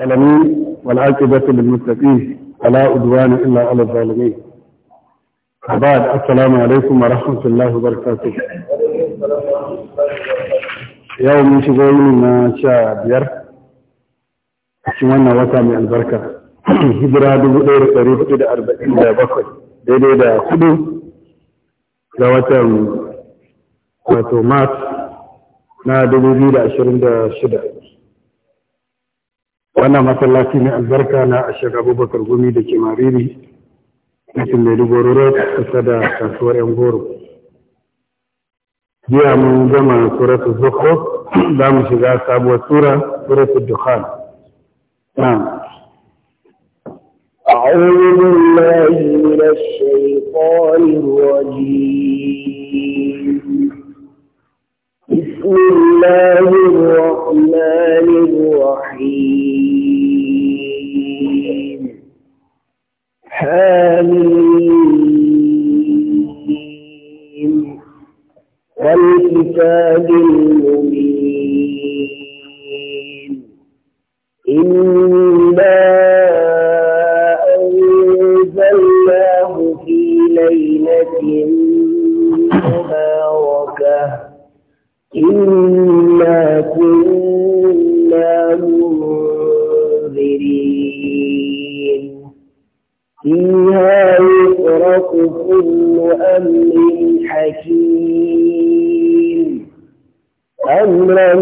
العالمين والعاقبة للمتقين ولا عدوان إلا على الظالمين وبعد السلام عليكم ورحمة الله وبركاته يوم شغل ما شاء بير شوانا وطامي البركة هجرة دبو قريب كده أربعين دا بكر دي دي دا خدو لوطن واتو مات na شدة wannan masallaci ne albarka na a abubakar gumi da ke mariri cikin maiduguri road kusa da kasuwar yan goro jiya mun gama suratu zuhu za mu shiga sabuwar sura suratu dukhan أعوذ بالله من الشيطان الرجيم بسم الله الرحمن الرحيم حميم والكتاب المبين إنا كنا منذرين فيها يفرق كل أمر حكيم أمرا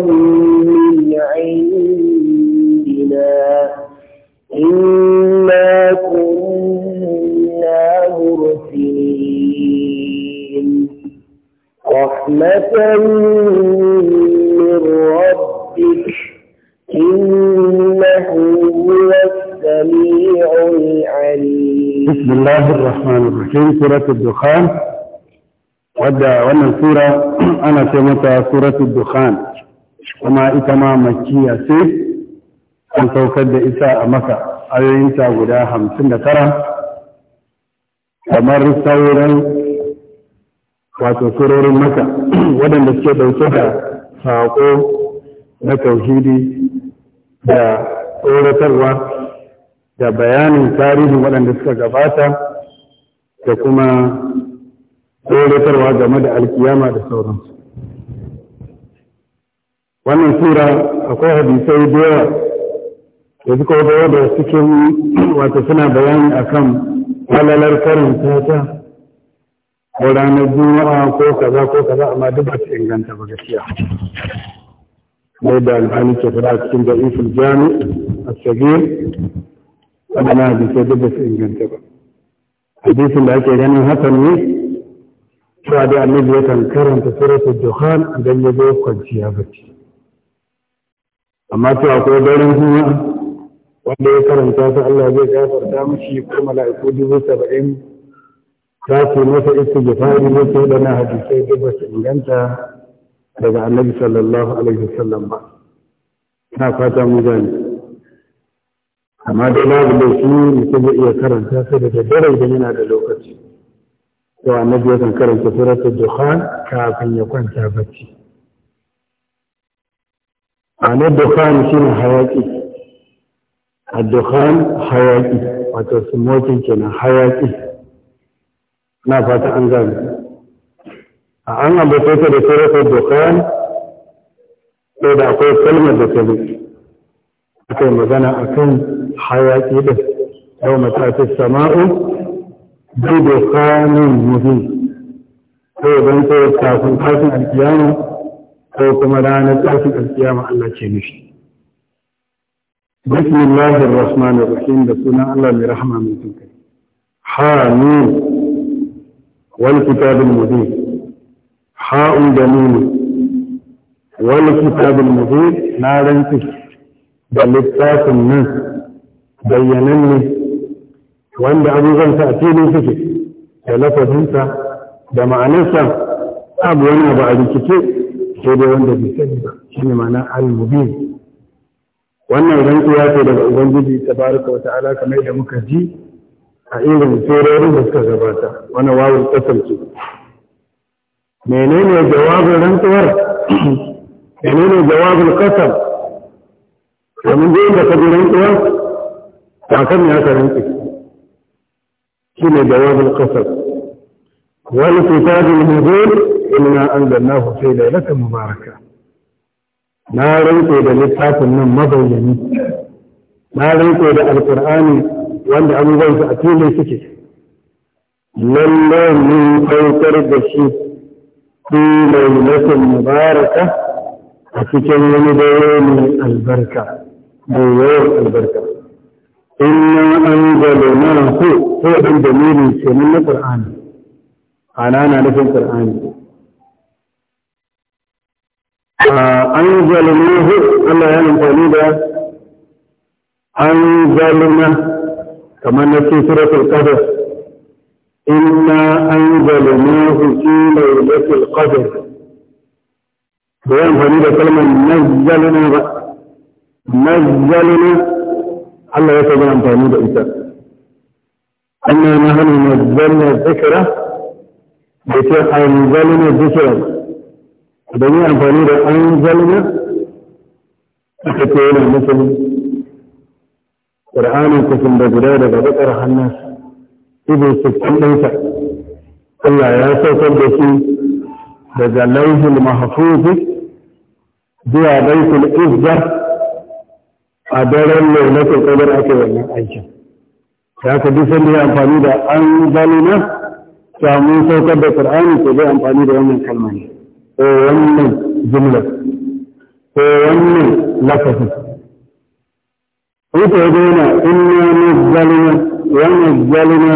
suratul dukhan wadda wannan sura ana ce mata suratul dukhan kuma ita ma makiya ce an saukar da ita a maka ayoyinta guda hamsin da tara kamar sauran wato surorin maka waɗanda suke ɗauke da saƙo na tauhidi da tsoratarwa da bayanin tarihin waɗanda suka gabata da kuma tsoratarwa game da alkiyama da sauransu wannan sura akwai hadisai da yawa da suka wadda da cikin wata suna bayani akan halalar karanta ta ko ranar juma'a ko kaza ko kaza amma duk ba ta inganta ba gaskiya mai da alhali ke fara cikin da ifil jami a sagir wadda na hadisai duk ba ta inganta ba hadisin da ake ganin hakan ne cewa da annabi yakan karanta suratul dukhan idan ya zo kwanciya bacci amma to akwai daren kuma wanda ya karanta su Allah zai gafarta mishi ko mala'iku dubu saba'in ta ce masa istighfari ne ko da na hadisai duk ba su inganta daga annabi sallallahu alaihi wasallam ba ina fata mu gani amma na babu su mutum zai iya karanta sai da daddare idan yana da lokaci to annabi ya kan karanta suratul dukhan kafin ya kwanta bacci ma'anar dukhan shine hayaki ad-dukhan hayaki wato smoking kenan hayaki na fata an gane a an ambata ta da suratul dukhan ko da akwai kalmar da ta bi akai magana akan hayaki din yau matafi sama'u dubu kanin muhi ko don ko kafin kafin alkiyama ko kuma ranar kafin alkiyama Allah ce mishi bismillahir rahmanir rahim da sunan Allah mai rahama mai tunkai hamim wal kitabil mubin ha'un da nunu wani kitabin mubi na rantsi da littafin nan bayyananne wanda abubuwansa a filin suke da lafafinsa da ma'anarsa abu wani ba a rikice sai dai wanda bai sani ba shi ne ma'ana al-mubin wannan rantsuwa ce daga ubangiji tabaraka wa ta'ala kamar da muka ji a irin tsororin da suka gabata wani ƙasar kasance menene jawabin rantsuwar menene jawabin kasar kamar zai da kaji rantsuwar ba kan ya ka rantsi shi ne da wabin kasar wani kitabin hudud inna anzalnahu fi lailatin mubaraka na rantsi da littafin nan mabayyani na rantsi da alkur'ani wanda abubuwan su a filin suke lallai mun saukar da shi fi lailatin mubaraka a cikin wani dare mai albarka mai yawan albarka إنا أنزلناه هو عند ميل من القرآن أنا أنا نفس القرآن أنزلناه الله ينفعني ذا أنزلنا كما نفسي سورة القدر إنا أنزلناه في ليلة القدر بيان فريدة كلمة نزلنا نزلنا Allah ya taɓa amfani da ita amma na hannu na zanna zikira da ce an zalina zikira da ni amfani da an zalina aka ce yana nufin ƙur'anin kusan da guda daga bakar hannun ibn sittin ɗinsa Allah ya saukar da shi daga laihul mahafuzi zuwa baitul izzar a daren mai na kadar ake wannan aikin ya ka duk sanda ya amfani da an na samun saukar da ƙar'ani ko zai amfani da wannan kalmar ne ko wannan jimla ko wannan lafafi ita ya daina na nazzalina wa nazzalina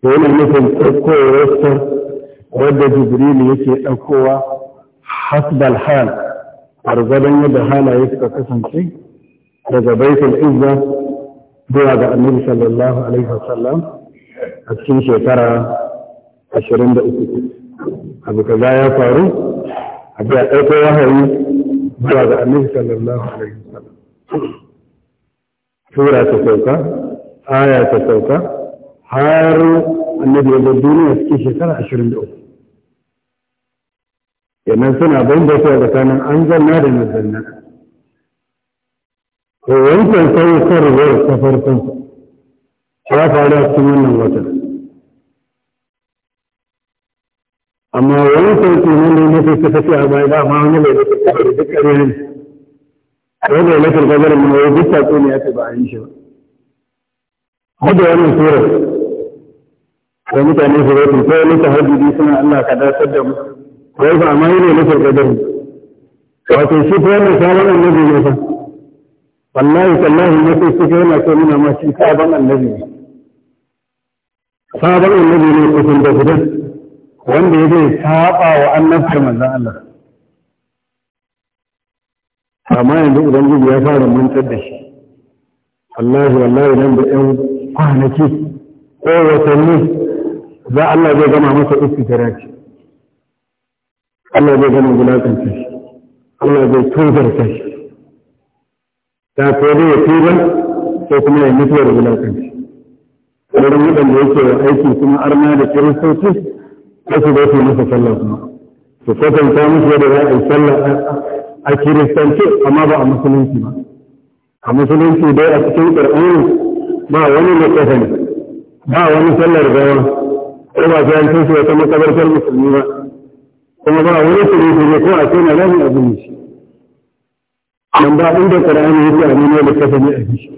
to yana nufin ɗaukowarsa wadda jibril yake ɗaukowa hasbal hal gwargwadon yadda halaye suka kasance daga baitul izza zuwa ga annabi sallallahu alaihi wasallam a cikin shekara ashirin da uku abu kaza ya faru a ga ɗauko wahayi zuwa ga annabi sallallahu alaihi wasallam tura ta sauka aya ta sauka har annabi ya zo duniya cikin shekara ashirin da uku kenan suna bambanta tsakanin an zanna da mazanna to wancan saukarwar ta farkon ya faru a cikin wannan watan amma wancan tsohon da mafi suka ce a baya dama wani bai da kasar duk ƙarfi ne ko da lafiyar gabar mu wai duk tsatso ne ya ce ba a yi shi ba ko da wannan sura da mutane su zai ko wani tahajjudi suna Allah ka dasar da mu ko yasa amma yana nufin kadari wato shi ko yana sabon annabi ne fa wallahi tallahi ne sai suka yana so nuna ma shi sabon annabi ne sabon annabi ne kusan da gudan wanda ya zai saba wa annabta manzon Allah amma yanzu ubangiji ya fara mantar da shi wallahi wallahi nan da ɗan kwanaki ko watanni za Allah zai gama masa istikara ce Allah zai gani wulakanta shi Allah zai tozarta shi ta sai dai ya tuba sai kuma ya mutuwa da wulakanta wurin waɗanda yake wa aiki kuma arna da kiristoci sai su zai masa sallah kuma su kwatanta musu yadda za a yi sallah a kiristanci amma ba a musulunci ba a musulunci dai a cikin ƙar'ani ba wani littafin ba wani sallar gawa ko ba sai an kai shi wata makabartar musulmi ba kuma ba wani kuri kuri ko a kai na rami a gumi shi nan ba inda ƙar'ani yake a nuna da kasa ne a bi shi.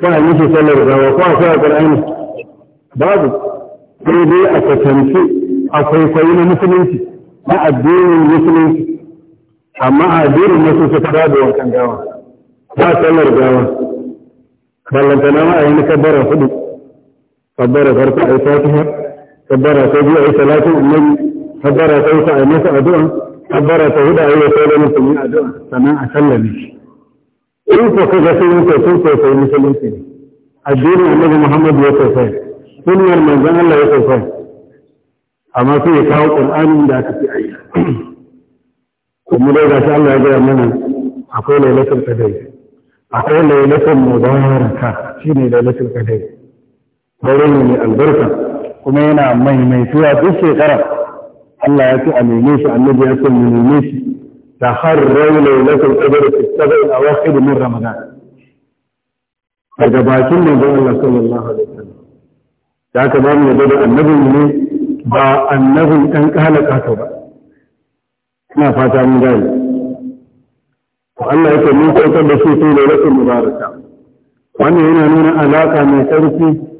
ba a nishi sallar gawa ko a kai a ƙar'ani babu sai dai a kasance a kwaikwayi na musulunci na addinin musulunci amma a addinin musulunci ta da wankan gawa ba sallar gawa ballantana ma a yi kabbara hudu kabbara farko a yi fatiha kabbara ta biyu a yi salatu annabi kabbara ta yi a masa addu'a kabbara ta huda a yi sai da musulmi addu'a sannan a sallame shi in ko ka ga sun ko sun ko sai musulunci ne addinin annabi Muhammadu ya sosai sunnar manzon Allah ya sosai amma sai ya kawo Qur'anin da aka fi ayi kuma dai gashi Allah ya gaya mana akwai lailatul qadr akwai lailatul mubaraka shine lailatul qadr dare ne albarka kuma yana maimaituwa duk shekara Allah ya ce a neme shi annabi ya ce mu neme shi ta har raunai na kan tsagar da tsagar a wasu ilimin ramadan daga bakin ne don Allah sallallahu alaihi wasallam da ka ba mu da annabin ne ba annabin ɗan kalaka ka ba ina fata mun gane Allah ya ce mun kautar da shi sai da rasul mubaraka wannan yana nuna alaka mai tsarki.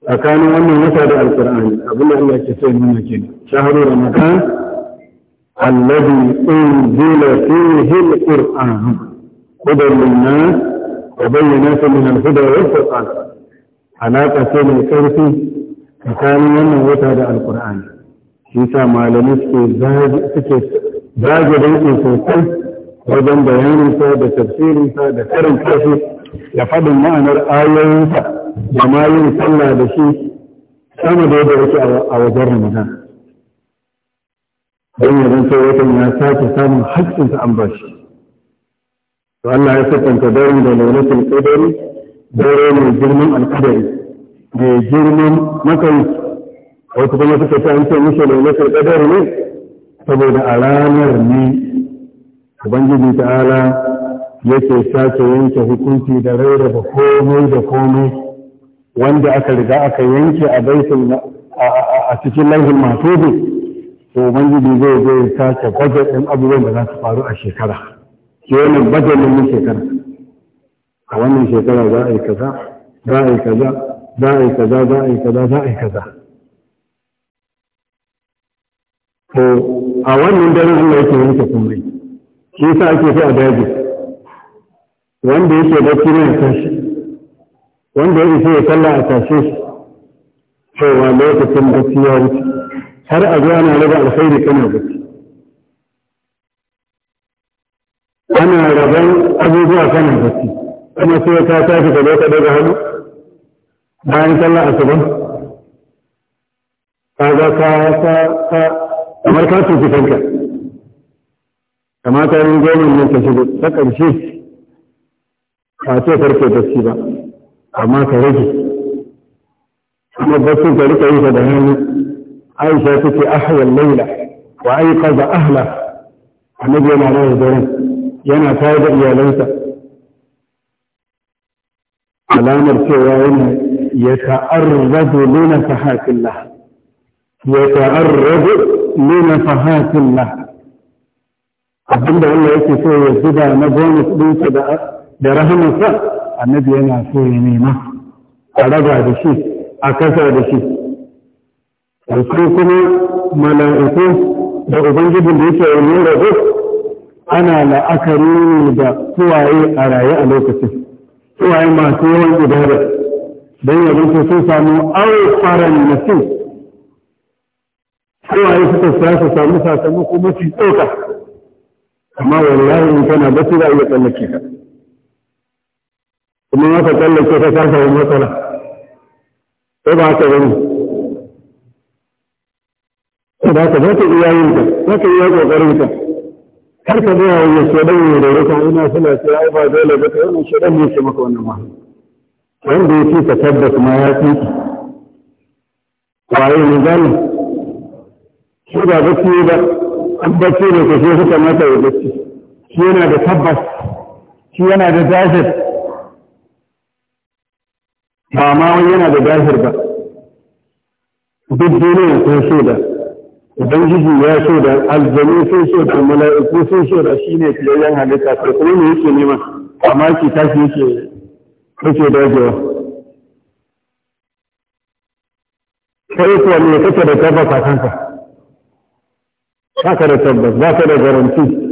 tsakanin wannan wata da alkur'ani abin da Allah ke sai nuna ke shahru ramadan alladhi unzila fihi alquran hudan linnas wa bayyinatan min alhuda wal furqan alaka ce mai karfi tsakanin wannan wata da alkur'ani shi sa malamai suke zage dantsin sosai wajen bayaninsa da tafsirinsa da karin kashi da faɗin ma'anar ayoyinsa da ma yin sallah da shi sama da yadda yake a wajen ramadan don zan sai watan ya sake samun ta an bashi. to Allah ya sattanta daren da lailatul qadari dare mai girman alƙadari mai girman makai Wata kuma suka ce an ce mishi lailatul ƙadari ne saboda a ranar ne ubangiji ta'ala yake sake yanke hukunci da rarraba komai da komai wanda aka riga aka yanke a baitul a cikin lauhin mahfuzi to ubangiji zai zo ya tace budget din abubuwan da za su faru a shekara ke wannan budget din shekara a wannan shekara za a yi kaza za a yi kaza za a yi kaza za a yi kaza za a yi kaza to a wannan daren Allah yake yanke komai shi yasa ake so a daji wanda yake bacci ne ya tashi wanda ya isa ya kalla a tashe shi cewa lokacin bacci ya wuce har a zuwa na raba alkhairi kana bacci ana raban abubuwa kana bacci kuma sai ka tashi ka ka daga hannu bayan sallah asuba ka ga ka ka kamar ka tuki kanka kamata yin goma ne ka shigo ta karshe ka ce farko bacci ba amma ka rage kuma bacci ka rika yi da hannu aisha ta ce ahwal laila wa aiqaza ahla annabi yana rawar daren yana tayar da iyalansa alamar cewa yana ya ta'arrabu lina fahatillah ya ta'arrabu lina fahatillah abinda Allah yake so ya zuba na bonus ɗinsa da rahamarsa annabi yana so ya nema a raba da shi a kasa da shi da kuma mala'iku da ubangijin da yake wani rabu ana la'akari ne da kuwaye a raye a lokacin kuwaye masu yawan ibada don yabon sun samu su nasu kowaye suka sasa samu sakamako mafi tsoka amma wallahi in kana ba su za iya tsallake ka kuma maka tsallake ka kasa wani matsala ko ba haka bane ko ba ka za ka iya yin ka za ka iya kokarin ka kar ka zaya wani shaɗan ne da rika ina suna ce ai ba dole ba kai wannan shaɗan ne ke maka wannan ma wanda ya ce ka tabbas ma ya fi waye ne zani shi ba bacci ba an bacci ne ka shi suka mata ya bacci shi yana da tabbas shi yana da dajir ba ma wani yana da dahir ba duk duniya sun so da ubangiji ya so da aljami sun so da mala'iku sun so da shine fiyayyen halitta sai kuma ne yake nema amma ki tashi yake kake dajewa sai kuwa ne kake da tabbata kanka ba ka da tabbas ba ka da garanti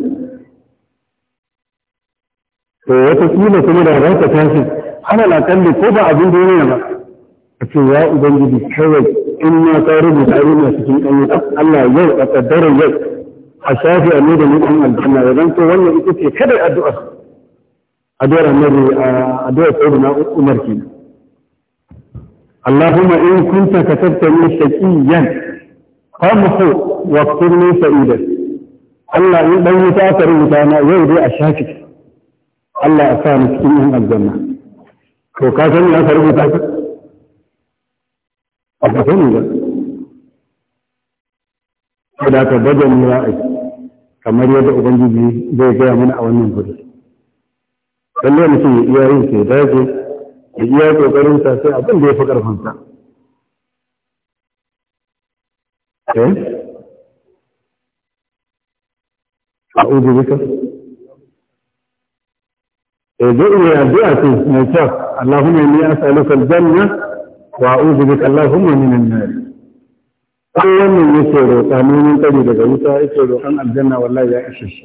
to wata kila kuma da za ta tashi ana na kalli ko ba abin duniya ba a ce ya ubangiji kawai in na ta rubuta ina cikin ɗanyi Allah yau a ƙaddarar yau a shafi a da mutum aljanna ya zanto wannan ita ce kada addu'a addu'ar annabi addu'ar sayyidina Umar kenan اللهم إن كنت كتبتني شقيا فامحو واغفر لي سعيدا الله إن لم تأثر وتانا يودي أشاكك Allah ya sa ni cikin yan aljanna to ka san ya sa rubuta ka a ka sani ba saboda ka bajan ya ai kamar yadda ubangiji zai gaya mana a wannan guri lalle mutum ya iya yin sai dace ya iya kokarin sa sai abin da ya fi karfin sa eh? A'udhu bika ادعو يدعتي من شاء اللهم إني أسألك الجنة وأعوذ بك اللهم من النار أول من يسير قانون تجد جوتا يسير عن الجنة والله يا أشش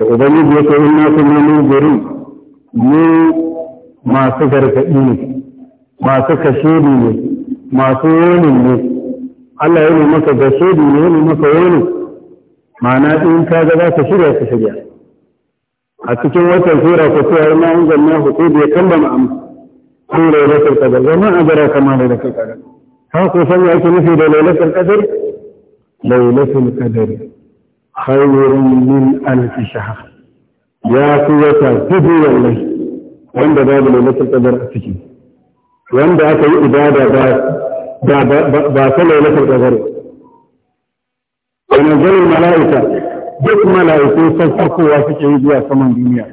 وبني بيت الناس من الجري مو ما سكر كإني ما سكر شيبي ما سويني الله يلي مكة جسودي يلي مكة يلي ma'ana in ka ga za ka shirya ku shirya a cikin watan sura ko ce ai ma'an zanna hutu bai kamba ma'am sun lailatul qadar zama a bara kama lailatul qadar ha ku san ya ake nufi da lailatul qadar lailatul qadar khairun min alf shahr ya fi wata dubu wallahi wanda babu lailatul qadar a cikin. wanda aka yi ibada ba ba ba ta lailatul qadar wani zanen mala'ika duk mala'iku sassakowa suke yi zuwa saman duniya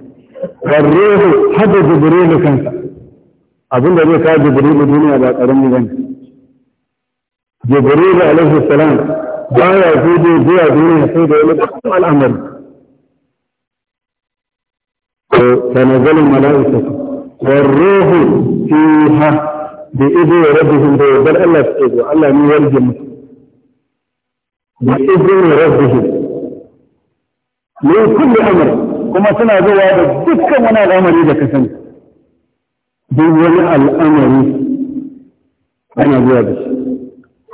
warrehu hada jibrilu kansa abin da zai kawo jibrilu duniya ba ƙarami ba ne jibrilu alaihi salam ba ya zuwa zuwa duniya sai da wani babban al'amari ko tanazzalin mala'ika warrehu fiha bi ido rabbihim da yardar Allah suke zuwa Allah ne yarje musu بإذن ربهم من كل أمر كما سنة جوا دكا من الأمر إذا كسن دول الأمر أنا جوابش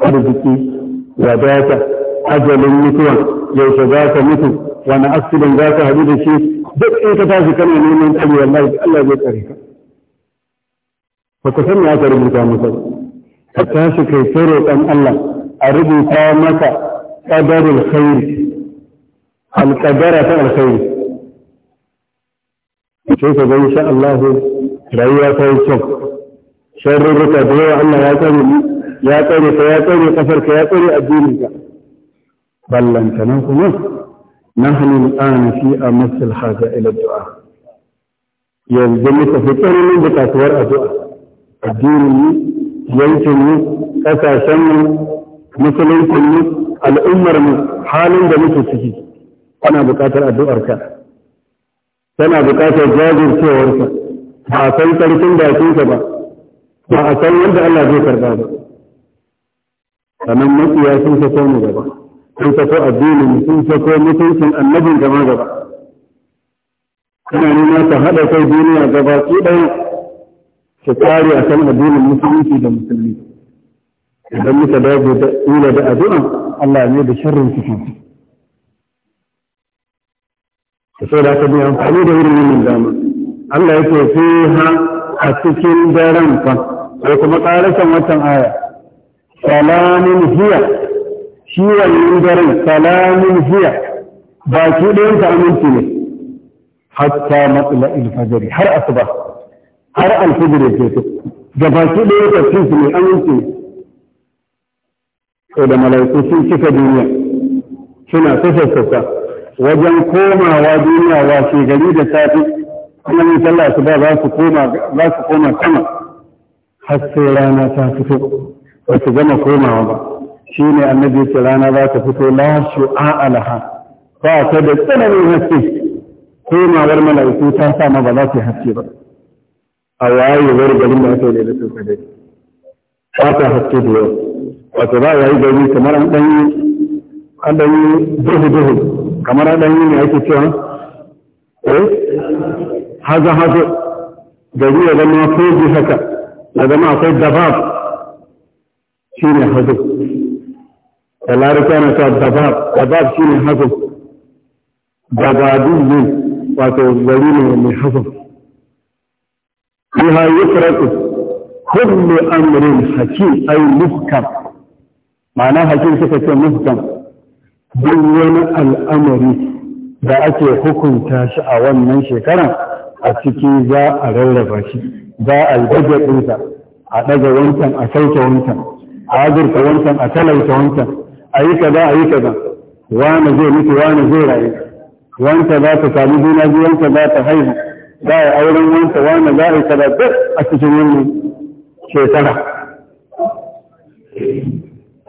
أرزقي وداتا أجل متوى يوش ذاك متو وأنا أصل ذاك هديد الشيء دك إنك تاسي كان من أبي الله الله يتريك فكسن يا تربي كامسك ka tashi kai ta roƙon Allah a rubuta maka ƙadarin khairi alƙadara ta alkhairi sai ka ga insha Allah rayuwa ta yi kyau sharruka da yawa Allah ya tsare mu ya tsare ka ya tsare kasar ya tsare addinin ka ballanta nan kuma nahnu al'ana fi amasil haja ila du'a yanzu muka fi bukatuwar addu'a addinin mu yankin mu mu musuluncin mu al'ummar mu halin da muke ciki ana buƙatar ka tana buƙatar ka ba a san sarkin ka ba ba a san yadda Allah zai karɓa ba sannan makiya sun sako mu gaba sun sako addinin sun sako mutuncin annabin gama gaba kana nema ta haɗa kai duniya gaba ki ɗaya ki kare a kan addinin musulunci da musulmi idan muka dage da ila da addu'a Allah ne da sharrin cikin su sai da ka bi amfani da wurin yin dama Allah yake fi ha a cikin daren fa sai kuma karashin wannan aya salamun hiya shi wannan daren salamun hiya ki ɗayan ka aminci ne hatta matla'il fajr har asuba har alfajr yake gabaki ɗaya ta cikin ne aminci ne to da mala'iku sun cika duniya suna ta sassauka wajen komawa duniya shi gari da safi kuma mai sallah su ba za su koma sama har sai rana ta fito ba su gama komawa ba shi ne annabi ce rana za ta fito la shu'a alaha ba ta da tsananin haske komawar mala'iku ta sama ba za su haske ba a waye garin da aka yi da su kadai ba ta haske da yau wato za a yayi gari kamar an ɗan an ɗan duhu duhu kamar an ɗan yi ne ake cewa eh haza haza gari ya zama kogi haka ya zama akwai dabab shi ne hazo da larika na ta dabab dabab shi ne hazo dabadu ne wato gari ne mai hazo fiha yusratu kullu amrin hakim ay muhkam ma'ana hakim suka ce muhkam duk wani al'amari da ake hukunta shi a wannan shekaran a ciki za a rarraba shi za a yi budget ɗinsa a ɗaga wancan a sauke wancan a azurta wancan a talauta wancan a yi kaza a yi kaza wani zai mutu wani zai rayu wanta za ta sami juna biyu wanta za ta haihu za a yi auren wanta wani za a yi kaza duk a cikin wannan shekara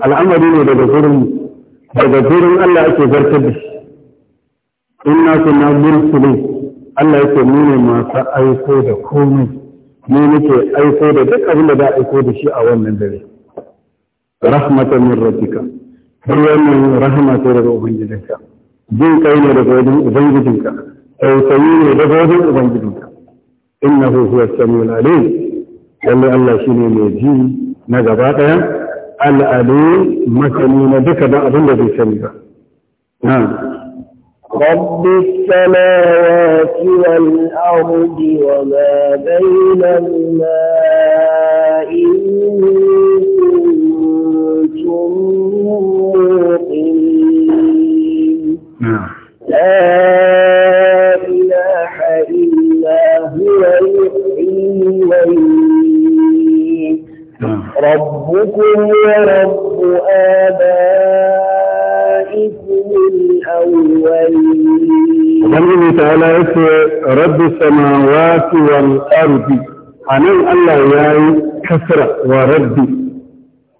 al'amari ne daga gurin daga gurin Allah ake zarta da shi inna kunna mursalin Allah yake nuna masa masu aiko da komai ne muke aiko da duk abin da za a aiko da shi a wannan dare rahmatan min rabbika har wannan rahama ce daga ubangijinka jin kai ne daga wajen ubangijinka tausayi ne daga wajen ubangijinka innahu huwa samiul alim lalle Allah shine mai ji na gaba daya الأليم مثلون بك بعض الذي سنبه نعم رب السماوات والأرض وما بين الماء كنتم نعم لا ربكم ورب آبائكم الأولين الله تعالى يسوى رب السماوات والأرض عن الله ياي كسر ورب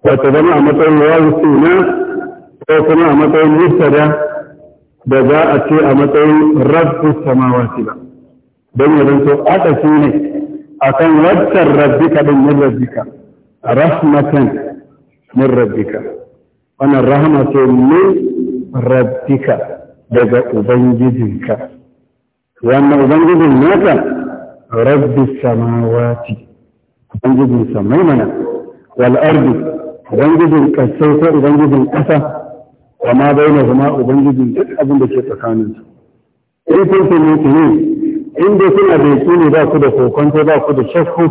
وتبنى مطر الله سينا وتبنى مطر الوسرى da za a ce a matsayin rabbi samawati ba don yadda so aka shi ne a kan wancan rabbi kaɗin rahmatan min rabbika wannan rahama ce min rabbika daga ubangijinka wannan ubangijin naka rabbi samawati ubangijin samai mana wal ardi ubangijin kasai ko ubangijin kasa amma bai na zama ubangijin duk abin da ke tsakanin su in kun ne inda suna da ne ba ku da kokonto ba ku da shakku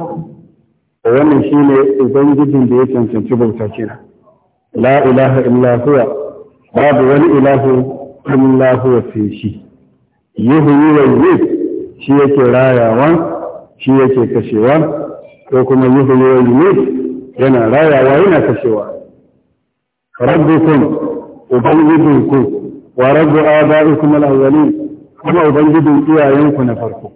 wannan shine ubangijin da ya cancanci bauta kenan la ilaha illa huwa babu wani ilahu illa huwa sai shi yuhyi wa yumit shi yake rayawa shi yake kashewa ko kuma yuhyi wa yumit yana rayawa yana kashewa rabbukum ubangijinku wa rabbu abaikum al-awwalin kuma ubangijin iyayenku na farko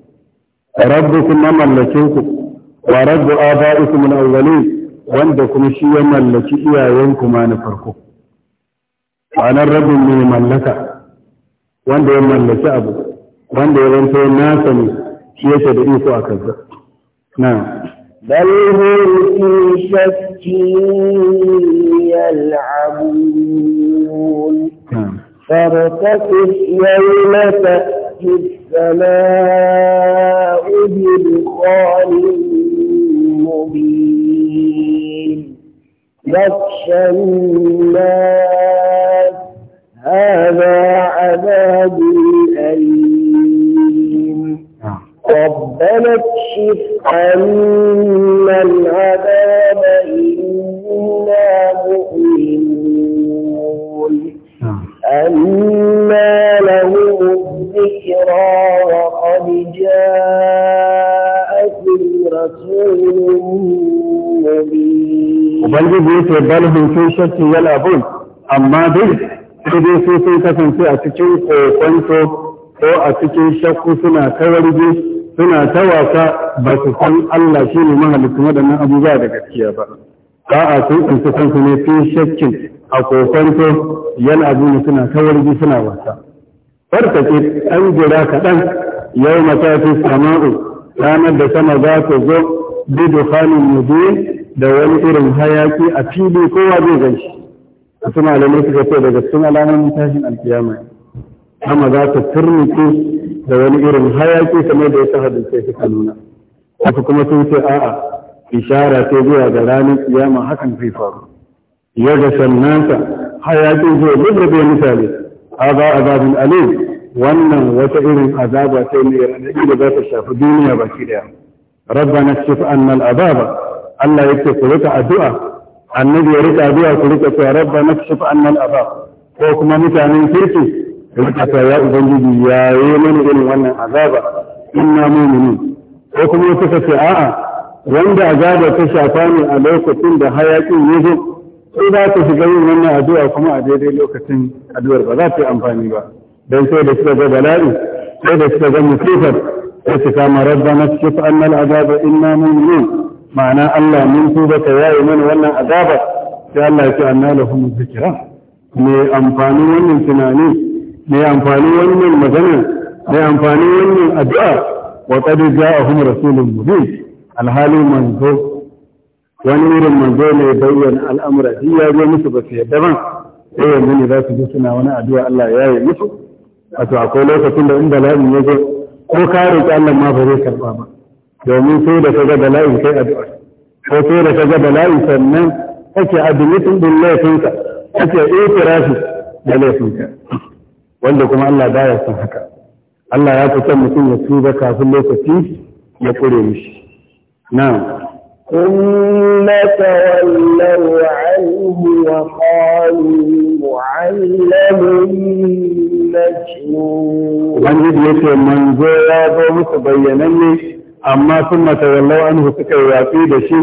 rabbukum mamallakinku ورد آبائكم الأولين وندكم التي ملك إياينكم أنا فرقو وأنا الرب من من ملكة وند يملك أبو وند يملك الناس شيء تدريس أكذا نعم بل هم في شك يلعبون نعم. فارتكب يوم تأتي السماء بدخان مبين يخشى الناس هذا عذاب أليم نعم. ربنا اكشف عنا العذاب ubangiji yake balhun fi shakki yal'abun amma dai sai dai su sun kasance a cikin kokonto ko a cikin shakku suna kawarje suna ta wasa ba su san Allah shi ne mahalicin waɗannan abubuwa da gaskiya ba a'a sun tsinci kansu ne fi shakkin a kokonto abin suna kawarje suna wasa farkake an jira kaɗan yau matafi sama'u ranar da sama za ta zo bi dukhanin mubin da wani irin hayaki a fili kowa zai gan shi wasu malamai suka ce daga cikin alamomin tashin alkiyama amma za ta turnuke da wani irin hayaki kamar da wasu hadisai suka nuna wasu kuma sun ce a'a ishara ce zuwa ga ranar kiyama hakan zai faru ya ga hayakin zuwa gudu da misali aza azabin Ali? wannan wata irin azaba ce mai raɗaɗi da za ta shafi duniya baki ɗaya rabbana shif annal azaba Allah yake ku rika addu'a annabi ya rika addu'a ku rika cewa rabbana kashif annal aba ko kuma mutanen kirki rika cewa ya ubangiji ya yi mana irin wannan azaba inna mu'minin ko kuma suka ce a'a wanda azaba ta shafa ne a lokacin da hayakin ya zo sai za ta shiga yin wannan addu'a kuma a daidai lokacin addu'ar ba za ta yi amfani ba don sai da suka ga bala'i sai da suka ga musifar sai su kama rabba na cikin fa'annal azaba inna mu'minin ma'ana Allah mun tuba ka yaye mana wannan azabar sai Allah ya ce anna lahum zikra me amfani wannan tunani me amfani wannan magana me amfani wannan addu'a wa qad ja'ahum rasulun mubin alhali manzo wani irin manzo ne bayyana al'amura shi ya zo musu ba su yadda ba sai yanzu ne za su ji suna wani addu'a Allah ya yi musu wato akwai lokacin da in bala'in ya zo ko ka roƙi Allah ma ba zai karɓa ba domin sai da kaga bala'in kai addu'a ko sai da kaga bala'in sannan kake admitin din laifinka kake itirafi da laifinka wanda kuma Allah baya son haka Allah ya fi son mutum ya tuba kafin lokaci ya kure mishi na'am ثم تولوا عنه وقالوا معلم مجنون. وأن يدرك من زوى بمتبينا amma sun mata zallau an suka watsi da shi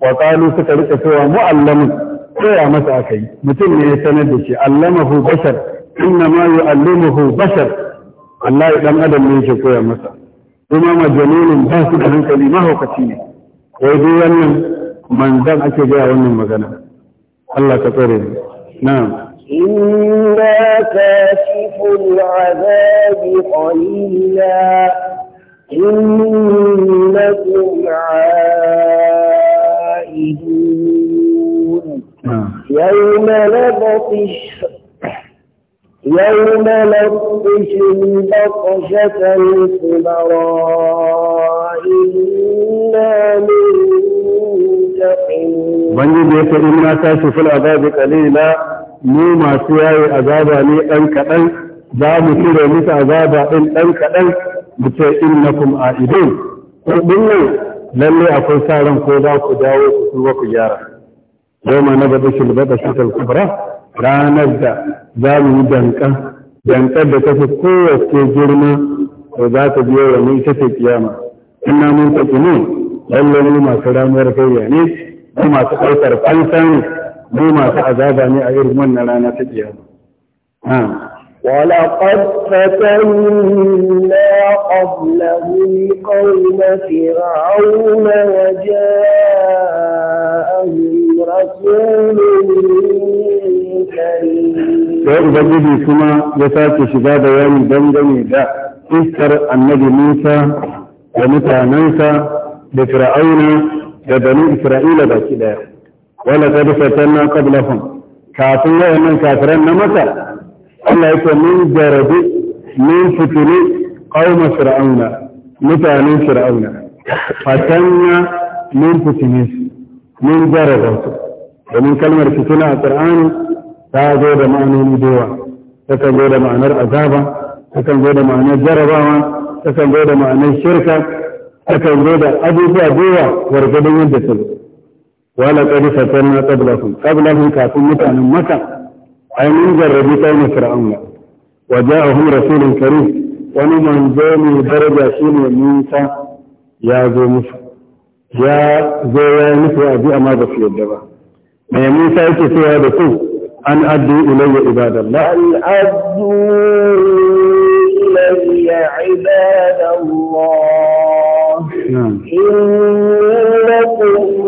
wa kalu suka rika cewa mu'allamin koya masa aka yi mutum ne ya sanar da shi allamahu bashar inna ma yu'allimuhu bashar Allah ya dan adam ne yake koya masa kuma majalulun ba su da hankali mahaukaci ne wai dai wannan manzan ake gaya wannan magana Allah ka tsare ni na'am إنا كاشف العذاب قليلا إنكم عائدون نعم. يوم نبطش يوم لبطش البطشة الكبرى إنا منتقمون بني بيت إنا في العذاب قليلا mu masu yaye لي أنك أنك kaɗan za mu cire musu أنك ɗin mu ce innakum idan, ko dinnan lalle akwai sa ran ko za ku dawo ku tuba ku gyara yawma na bada shi bada shi kubra ranar da za mu yi dankan dankar da ta fi kowace girma da za ta biyo wa ita ce kiyama na mun tafi ne lalle mu masu ramuwar kaiya ne masu ɗaukar fansa ne masu azaba ne a irin wannan rana ta kiyama ولقد فتنا قبله قوم فرعون وجاءهم رسول كريم وإذا كما يساك شباب يعني دمدم دا إستر النبي موسى ومتانيسا بفرعون بني إسرائيل باكدا ولقد فتنا قبلهم كافرين من كافرين نمتا Allah ya ce min jarabi min fitini qauma fir'auna mutanen fir'auna fatanna min fitini min da mun kalmar fitina a qur'ani ta zo da ma'anoni da ta kan zo da ma'anar azaba kan zo da ma'anar jarabawa ta kan zo da ma'anar shirka ta kan zo da abubuwa da yawa yadda ta zo wala qad fatanna qablakum qablakum kafin mutanen maka أي من جربي كون فرعون وجاءهم رسول كريم ونمن زوني درجة سيني ميسا يا زو مفا يا زو مفا أبي أما بفي الدبا ما يميسا يكي في هذا كو أن أدي إلي عباد الله أن أدوا إلي عباد الله نعم. إن لكم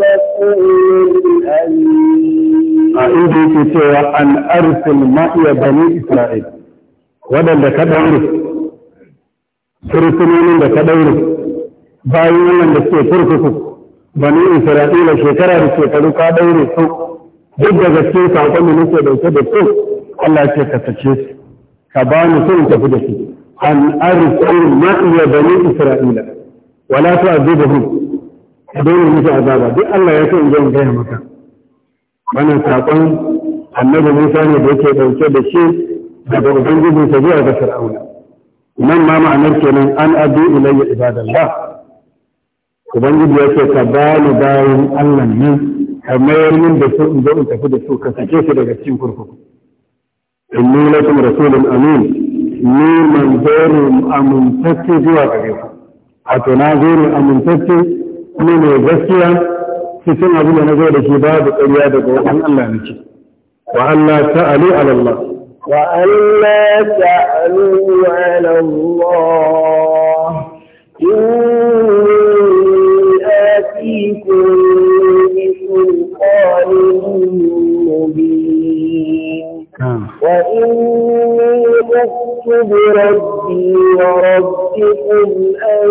inda yake cewa an arsil ma'iya bani isra'il waɗanda ka ɗaure fursunonin da ka ɗaure bayan wannan da suke kurkuku bani isra'ila shekara da shekaru ka ɗaure su duk da gaske saƙon da nake ɗauke da su Allah ce ka sace su ka ba ni sun tafi da su an arsil ma'iya bani isra'ila wala tu'azibuhum a dole musu azaba duk Allah ya ce in zo in gaya maka Mana saƙon annabi Musa ne da yake ɗauke da shi daga Ubangijin sa zuwa ga Fir'auna. Nan ma ma'anar kenan an adu ilayya ibadallah. Ubangiji ya ce ka bani bayan Allah ne ka mayar min da su in zo in tafi da su ka sake su daga cikin kurkuku. Inni lakum rasulun amin ni manzoro amintacce zuwa gare ku. Wato na zo amintacce ni ne gaskiya cikin abu da na zo da shi babu ƙarya daga wajen Allah nake wa Allah ta'alu ala Allah wa Allah ta'alu ala Allah inni atikum bi sulqanin mubin wa inni أخت بربي وربكم أن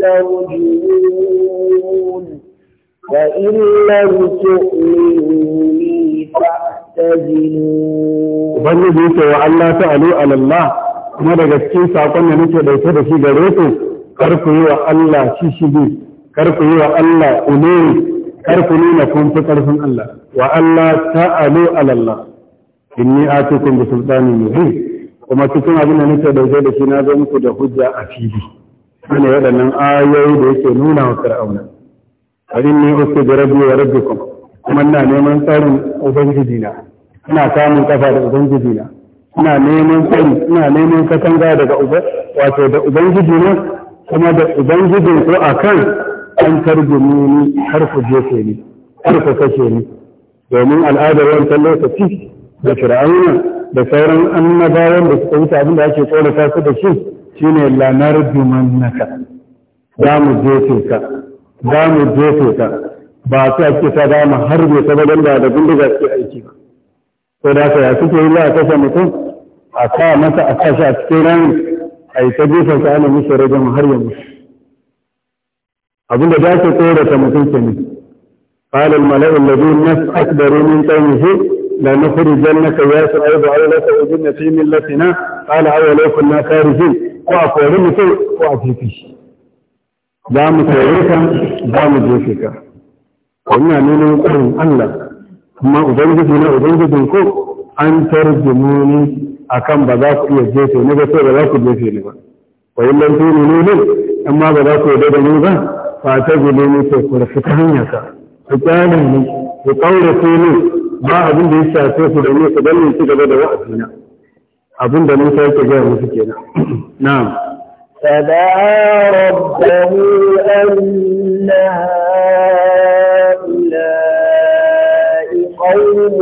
ترجون فإن لم تؤمنوا لي فاعتزلوا Ubangiji yake wa Allah ta'alu ala Allah kuma daga cikin saƙon da nake ɗauke da shi gare ku kar ku yi wa Allah shishigi kar ku yi wa Allah ulewi kar ku nuna kun fi ƙarfin Allah wa Allah ta'alu ala Allah inni atukum bi sultanin mubin kuma cikin abin da nake ɗauke da shi na zo muku da hujja a fili shine waɗannan ayoyi da yake nuna wa fir'auna farinni uku da rabbi wa rabbikum kuma ina neman tsarin ubangiji na ina samun kafa da ubangiji na ina neman tsari ina neman katanga daga uba wato da ubangiji na kuma da ubangijin ko akan an targume ni har ku je ke ni har ku kashe ni domin al'adar wancan lokaci da fir'auna da sauran annabawan da suka wuce abin da ake tsorata su da shi shine lanar duman naka za mu jefe ka za mu jefe ta ba su ce ta dama mu harbe ta ba ba da bindiga ke aiki ba ko da ya suke yi za a kashe mutum a sa masa a kashe a cikin ramin a yi ta gefen ta ana mishi rajin har yanzu abinda za su ta mutum ke ne قال الملأ الذين نس أكبروا من قومه لنخرجنك يا شعيب أو لتعودن في ملتنا قال أولو كنا خارجين وأقول مثل وأفيكش za mu tsaye ka za mu jefe ka wannan nuna ƙarin Allah kuma ubangiji na ubangijin ko an tarjumu ni akan ba za ku iya jefe ni ba sai ba za ku jefe ni ba wa in lantu tu'minu ne amma ba za ku yarda da ni ba fa ta gudu ni to ku rafi ta hanya ka ku kyale ni ku kaurace ni ba abin da ya shafe ku da ni ku danne ci gaba da wa'azina abin da mun sai ke ga musu kenan na'am فدعا ربه أن هؤلاء قوم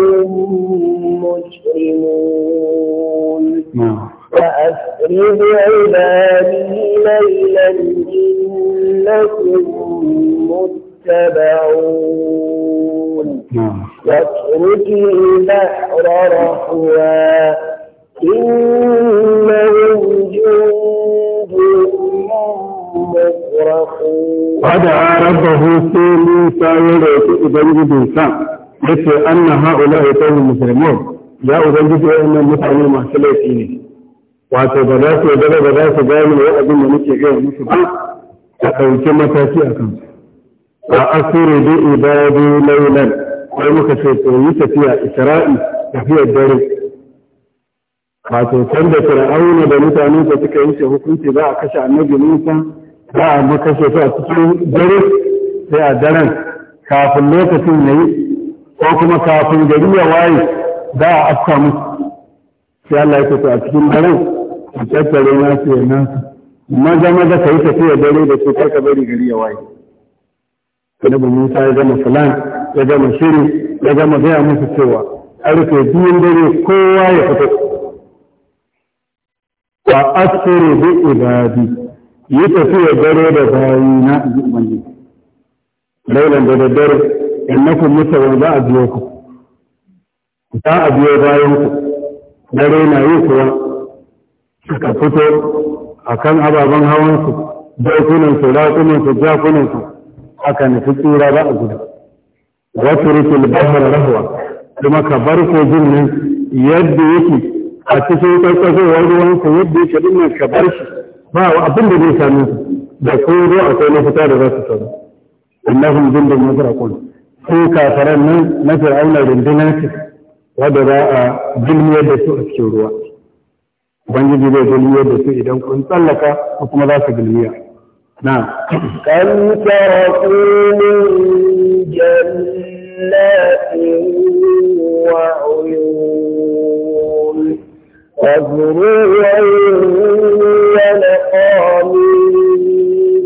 مجرمون نعم. فأسرد ihsan yace anna haula'i qawmun muslimun ya ubangiji wayannan mutane masu laifi ne wato ba za su yarda ba za su gane abin da nake gaya musu ba ta ɗauki mataki a kan a asiri da ibadu lailan wai muka ce to yi tafiya isra'i tafiyar dare wato can da fir'auna da mutanen da suka yanke hukunci za a kashe annabi musa za a kashe su a cikin dare sai a daren kafin lokacin ya yi ko kuma kafin gari ya waye za a afka musu sai Allah ya tafi a cikin daren a tattare na su ya nan maza maza ka yi tafiya dare da su karka bari gari ya waye ba Musa ya gama fulan ya gama shiri ya gama gaya musu cewa rufe biyun dare kowa ya fito wa asiru bi ibadi yi tafiya dare da bayina a ubangiji lailan da daddare na kun mutawon za a biyo ku za a biyo bayan ku dare na yi kuwa suka fito a kan ababen hawansu daikunan su raƙunan su jakunan su aka nufi tsira za a gudu wasu rikul bahar rahuwa kuma ka bar kogin nan yadda yake a cikin tsakasowar ruwansa yadda yake dinnan ka bar shi ba abin da zai same su da ko ruwa akwai mafita da za su samu innahum jundun mutraqun sai kafaran nan na fir'auna rundunar su wadda za a gilmiyar da su a cikin ruwa ubangiji zai gilmiyar da su idan kun tsallaka ko kuma za su gilmiya na kan taraku min jannatin wa uyun wa zururin wa laqamin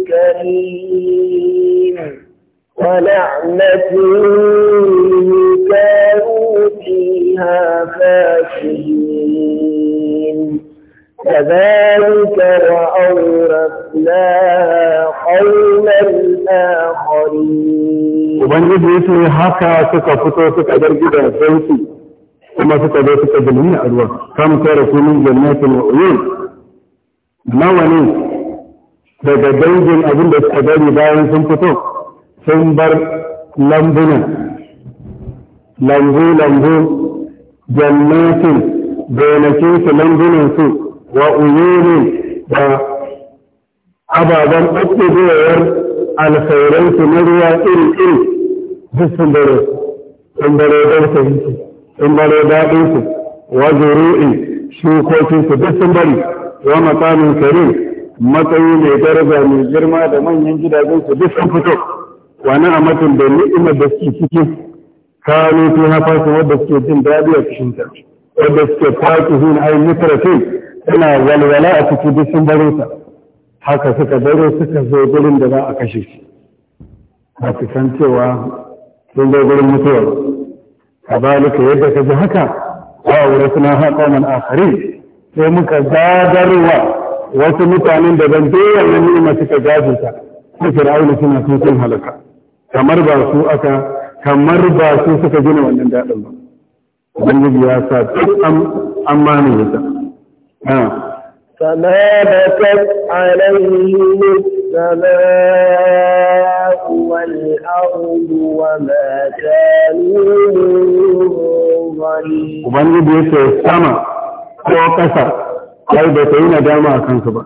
karim ونعمة كانوا فيها فاكهين كذلك وأورثناها قوما آخرين Ubangiji ya ce haka suka fito suka bar gidajensu kuma suka zo suka gilmi a ruwa kam kare su min jannatin wa uyun nawa ne daga dangin abin da suka bari bayan sun fito sun bar lambunan lambu-lambu jannatin gonakin su lambunan su wa uyuni da ababen ɓaɓɓegowar alkhairan su na ruwa iri-iri duk sun bare sun bare sun bare daɗin su wa zuru'in duk sun bari wa makamin karim matsayi mai daraja mai girma da manyan gidajensu, su duk sun fito wa na'amatin da ni'imar da suke ciki kanu fi su wadda suke jin daɗi a cikin ta wadda suke faki hin ai mutratin suna walwala a cikin duk sun ta haka suka baro suka zo gurin da za a kashe shi ba cikin san cewa sun zo gurin mutuwar ka yadda ka ji haka A wa auratuna a akharin sai muka gadarwa wasu mutanen da ban doyar ni'ima suka gajinta sai fir'auna suna sun halaka kamar ba su aka kamar ba su suka gina wannan daɗin ba ubangiji ya sa duk an mamaye ta فما بكت عليهم السماء والأرض وما كانوا منظرين Ubangiji ya ce sama ko ƙasa, ai bai ta yi dama a kansu ba,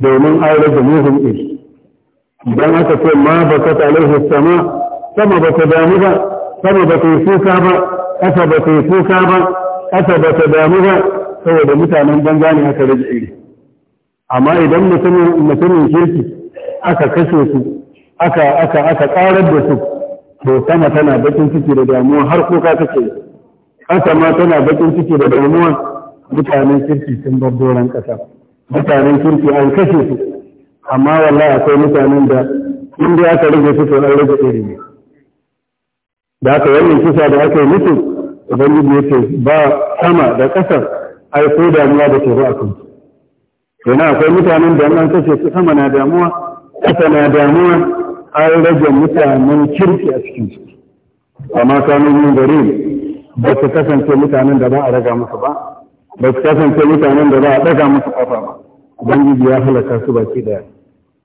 domin an rage muhun iri. idan aka ce ma ba ka talaihi sama sama ba ta damu ba sama ba ta yi kuka ba ƙasa ba ta yi kuka ba ƙasa ba ta damu ba saboda mutanen banza ne aka rage iri amma idan mutumin kirki aka kashe su aka aka aka da su to sama tana bakin ciki da damuwa har kuka ce ƙasa ma tana bakin ciki da damuwa mutanen kirki sun bar doron ƙasa mutanen kirki an kashe su amma wallahi akwai mutanen da inda aka rage su to an rage ne. da aka wannan kisa da aka yi mutu ubangiji ya ce ba sama da ƙasar ai ko damuwa da tsoro a kansu na akwai mutanen da an kashe su sama na damuwa ƙasa na damuwa an rage mutanen kirki a cikin su amma kanun yin gari ba su kasance mutanen da ba a raga musu ba ba su kasance mutanen da ba a ɗaga musu ƙafa ba ubangiji ya halaka su baki daya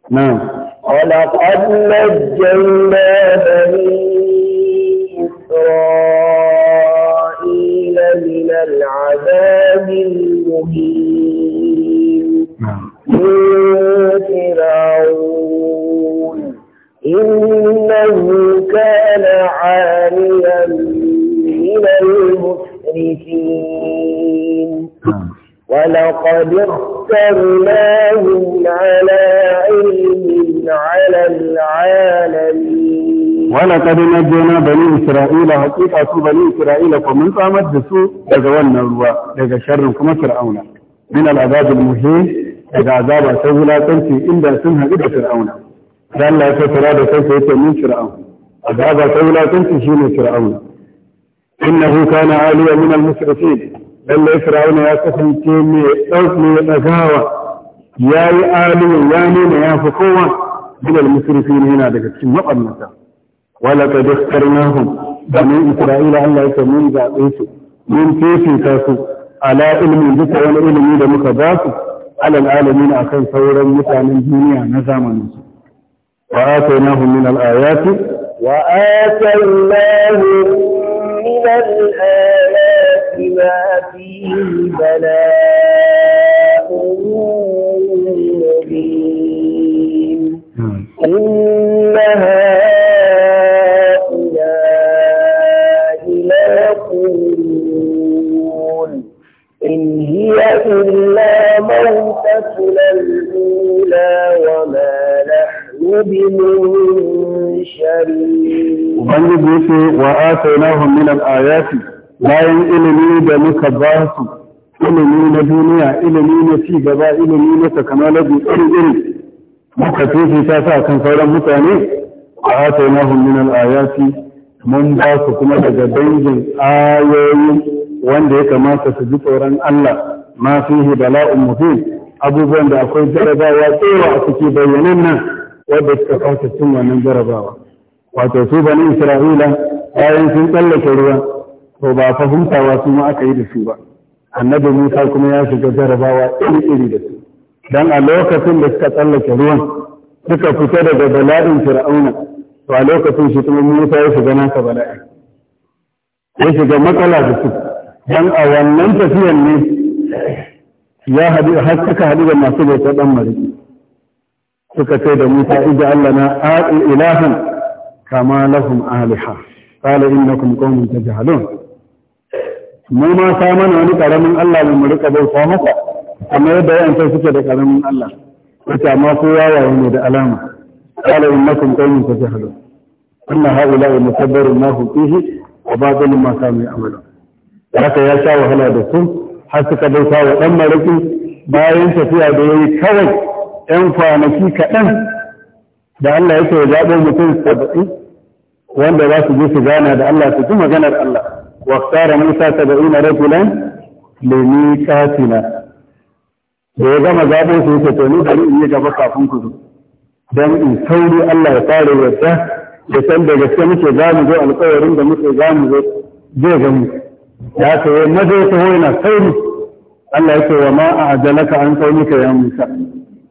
na'am ولقد نجينا بني إسرائيل من العذاب المهين نعم. من فرعون إنه كان عاليا من المسرفين نعم. ولقد أكثرناهم على علم على العالمين ولقد نجينا بني إسرائيل حقيقة بني إسرائيل فمن قامت بسوء لزوالنا الرواء لذا شر كما فرعون من العذاب المهين إذا عذاب أسوه لا تنسي إلا سنها إلا فرعون لأن لا تترى بسنسة من فرعون عذاب أسوه لا تنسي شين فرعون إنه كان عاليا من المسرفين lallai fir'auna ya kasance mai ɗauke ɗagawa ya yi aliyu ya nuna ya fi kowa bilal musulfi ne yana daga cikin maɓannata wala ka daskarnahum da mun isra'ila Allah ya mun zaɓe su mun fifita su ala ilmin duka wani ilimi da muka ba su alal alamin akan sauran mutanen duniya na zamanin su wa atainahum min al ayati wa atainahum min al ayati بما فيه بلاء مبين إن هؤلاء ليقولون إن هي إلا موتتنا الأولى وما نحن بمنشرين وبلغ يسوع وآتيناهم من الآيات bayan ilimi da muka ba su ilimi na duniya ilimi na ci gaba ilimi na technology iri-iri muka tofi ta sa kan sauran mutane a hata na hulmin al'ayati mun ba su kuma daga dangin ayoyi wanda ya kamata su ji tsoron Allah ma yi bala'un mutum abubuwan da akwai jarabawa tsoro a cikin bayyanan nan wadda suka fata cin wannan jarabawa wato su bani isra'ila bayan sun tsallake ruwa to ba fa hutawa su ma aka yi da su ba annabi Musa kuma ya shiga jarabawa iri-iri da su dan a lokacin da suka tsallake ruwan suka fita daga bala'in fir'auna to a lokacin shi kuma Musa ya shiga nasa bala'i ya shiga matsala da su dan a wannan tafiyan ne ya hadu har suka hadu da masu bauta dan mariki suka ce da Musa ija Allah na a'i ilahan kama lahum aliha قال إنكم قوم تجهلون mu ma sa mana wani karamin Allah mu rika bauta masa amma yadda wayancan suke da karamin Allah wata ma ko yawa ne da alama qala innakum qawmun tajhalun anna haula'i mutabbaru ma hu fihi wa batil ma kanu ya'malun haka ya sha wahala da su har suka bauta wa dan mariki bayan tafiya da yayi kawai yan kwanaki kaɗan da Allah yake ya zaɓo mutum saba'in wanda za su je su gana da Allah su ji maganar Allah واختار موسى سبعين رجلا لميقاتنا da ya gama zaɓe su yake toni bari in yi gaba kafin ku zo don in sauri Allah ya fara yadda da san da gaske muke za mu zo alƙawarin da muke za mu zo zai ga mu da aka yi mazo ta hoina sauri Allah ya ce wa ma a ajalaka an sauri ka ya Musa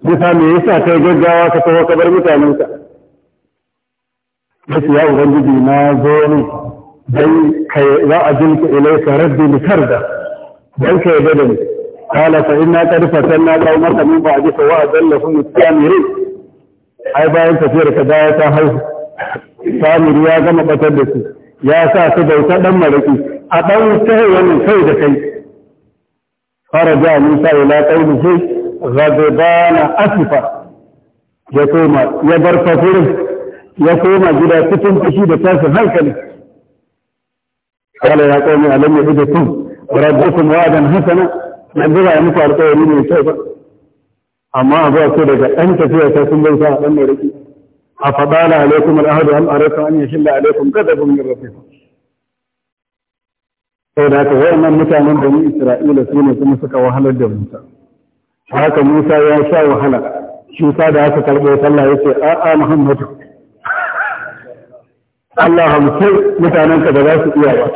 Musa me yasa kai gaggawa ka taho ka bar mutanen mutanenka Yace ya Ubangiji na zo ne dan kai za a jinku ilaika rabbi litarda dan kai da ni kala fa inna qad fatanna qaumaka min ba'dika wa dalla as-samirin ai bayan tafiyar ka da ta haihu samiri ya gama batar da su ya sa su bauta dan maraki a dan sai wannan kai da kai faraja musa ila fi ghadbana asifa ya koma ya bar fafirin ya koma gida cikin fushi da tashin hankali قال يا قوم ألم يجدكم وربكم وعدا حسنا من بغى أن مكو القول من الشيطة أما أبو أسيرك أنت في تكون ليس لم يركي أفضال عليكم الأهد أم أردتم أن يشل عليكم كذب من ربكم sai da haka wayannan mutanen da mu Isra'ila su ne kuma suka wahalar da Musa haka Musa ya sha wahala Musa da aka karɓo sallah yace a'a Allah hamsin mutanenka ba za su iya ba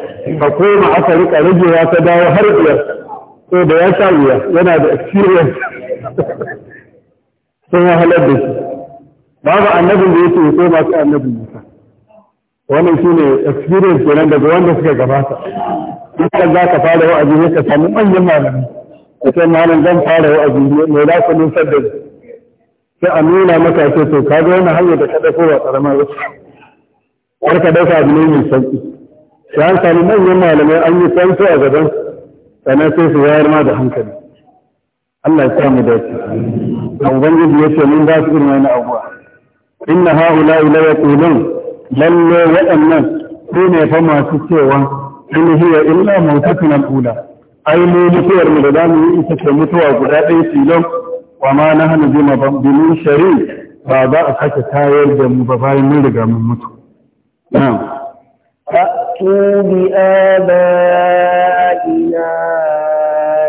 ka koma aka rika ragewa ta dawo har biyar ko da ya sha wuya yana da experience sun wahalar da shi babu annabin da yake so masu annabin musa wannan shi ne experience kenan daga wanda suka gabata idan za ka fara wa'azi ne ka samu manyan malami ka ce malam zan fara wa'azi ne mai za ka nusar da sai a nuna maka ce to ka ga wani hanyar da ka dafo wa karamar wasu har ka dauka abu ne mai sauki shi an sami manyan malamai an yi santo a gaban sannan sai su wayar ma da hankali Allah ya sa mu dace a ubangiji ya ce mun ba su irin wani abuwa inna haula ila yaqulun lalle waɗannan su ne fa masu cewa in hiya illa mautatuna al-ula ai mu mutuwar mu da zamu yi ita ce mutuwa guda ɗaya filon wa ma na nahnu bi mu shari ba za a sake tayar da mu ba bayan mun riga mun mutu نعم فأتوا بآبائنا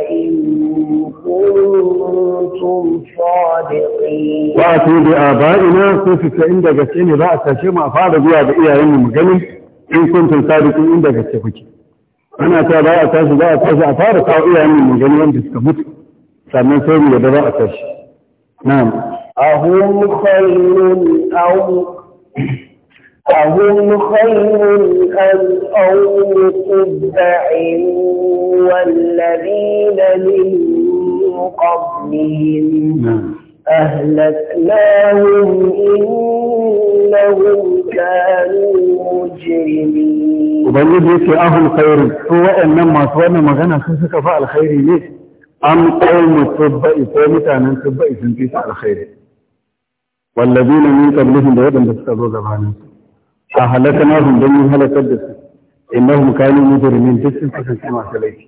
إن كنتم صادقين فأتوا بآبائنا كنت عند جسين رأس شما فعل بيا بيا يوم مجمل إن كنت صادقين عند جسفك أنا تابع أتاس لا أتاس أفار قوية يوم مجمل أنت سكبت فمن سوري يدرى أتاس نعم أهم خير أو أهم خير أم قوم تبع والذين من قبلهم أهلكناهم إنهم كانوا مجرمين وبنجد يكي أهم خير هو إنما سوانا مغانا خسك فالخير ليه أم قوم تبع فمتانا تبع سنتيس على خير والذين من قبلهم بيضا بس قبلوا زمانهم a halaka na sun don halakar da su innahum kanu mujrimin duk sun kasance masu laifi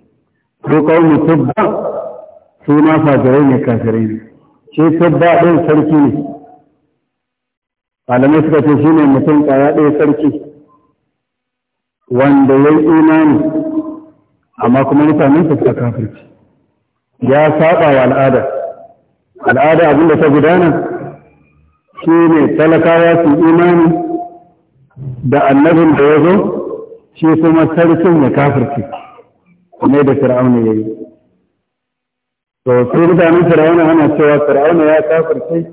ko kawai tabba su na fajirai ne kafirai ne shi tabba ɗin sarki ne malamai suka ce shi ne mutum ƙara ɗaya sarki wanda ya yi imani amma kuma mutanen su suka kafirci ya saba wa al'ada al'ada abinda ta gudana shi ne talakawa su imani da annabin da ya zo shi kuma sarkin ya kafirce kuma da fir'auna ya yi to sai mutanen fir'auna ana cewa fir'auna ya kafirce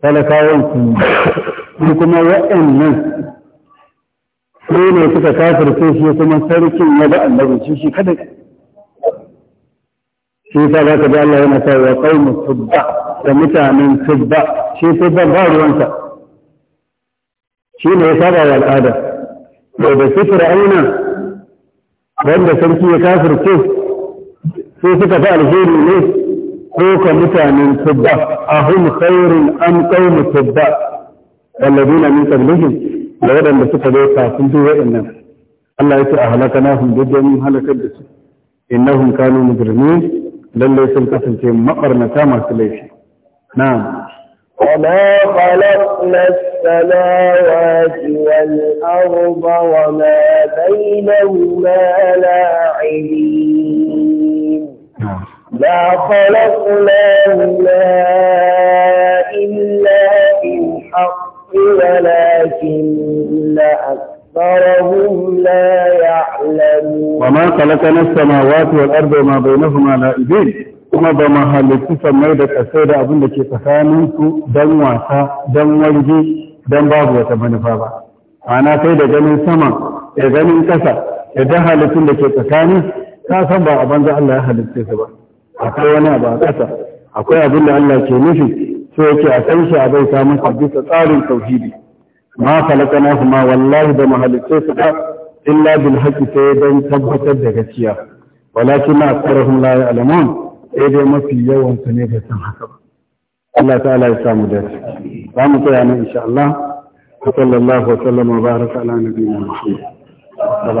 talakawan su kuma waɗannan sai ne suka kafirce shi kuma sarkin ya da annabin shi shi kada shi ta za ka ji Allah yana sa wa qaumu tubba da mutanen tubba shi tubba ba ruwansa shi ne ya saba wa al'ada da da su fir'auna wanda sarki ya kafirce sai suka fi alheri ne ko ka mutanen tubba A hun khairun an qaumu tubba walladina min qablihim da waɗanda suka zo kafin duk waɗannan Allah yake a halakanahum dukkan halakar da su innahum kanu mujrimin lalle sun kasance mabarnata masu laifi na'am وما خلقنا السماوات والأرض وما بينهما لاعبين ما خلقناهما إلا بالحق ولكن أكثرهم لا يعلمون وما خلقنا السماوات والأرض وما بينهما لاعبين kuma ba mu halittu sammai da kasai da abin da ke tsakaninku don wasa don warge don babu wata manufa ba ana sai da ganin sama da ganin ƙasa da dan halittun da ke tsakani ka san ba a banza Allah ya halitte su ba akwai wani abu a ƙasa akwai abin da Allah ke nufi so yake a san shi a bai samu bisa tsarin tauhidi ma falakana ma wallahi da mu halitte su ba illa bil sai don tabbatar da gaskiya walakin aktharuhum la ya'lamun sai dai mafi yawan su ne bai san haka ba Allah ta'ala ya samu dace ba mu tsaya nan insha Allah sallallahu alaihi wa sallam wa baraka ala nabiyina Muhammad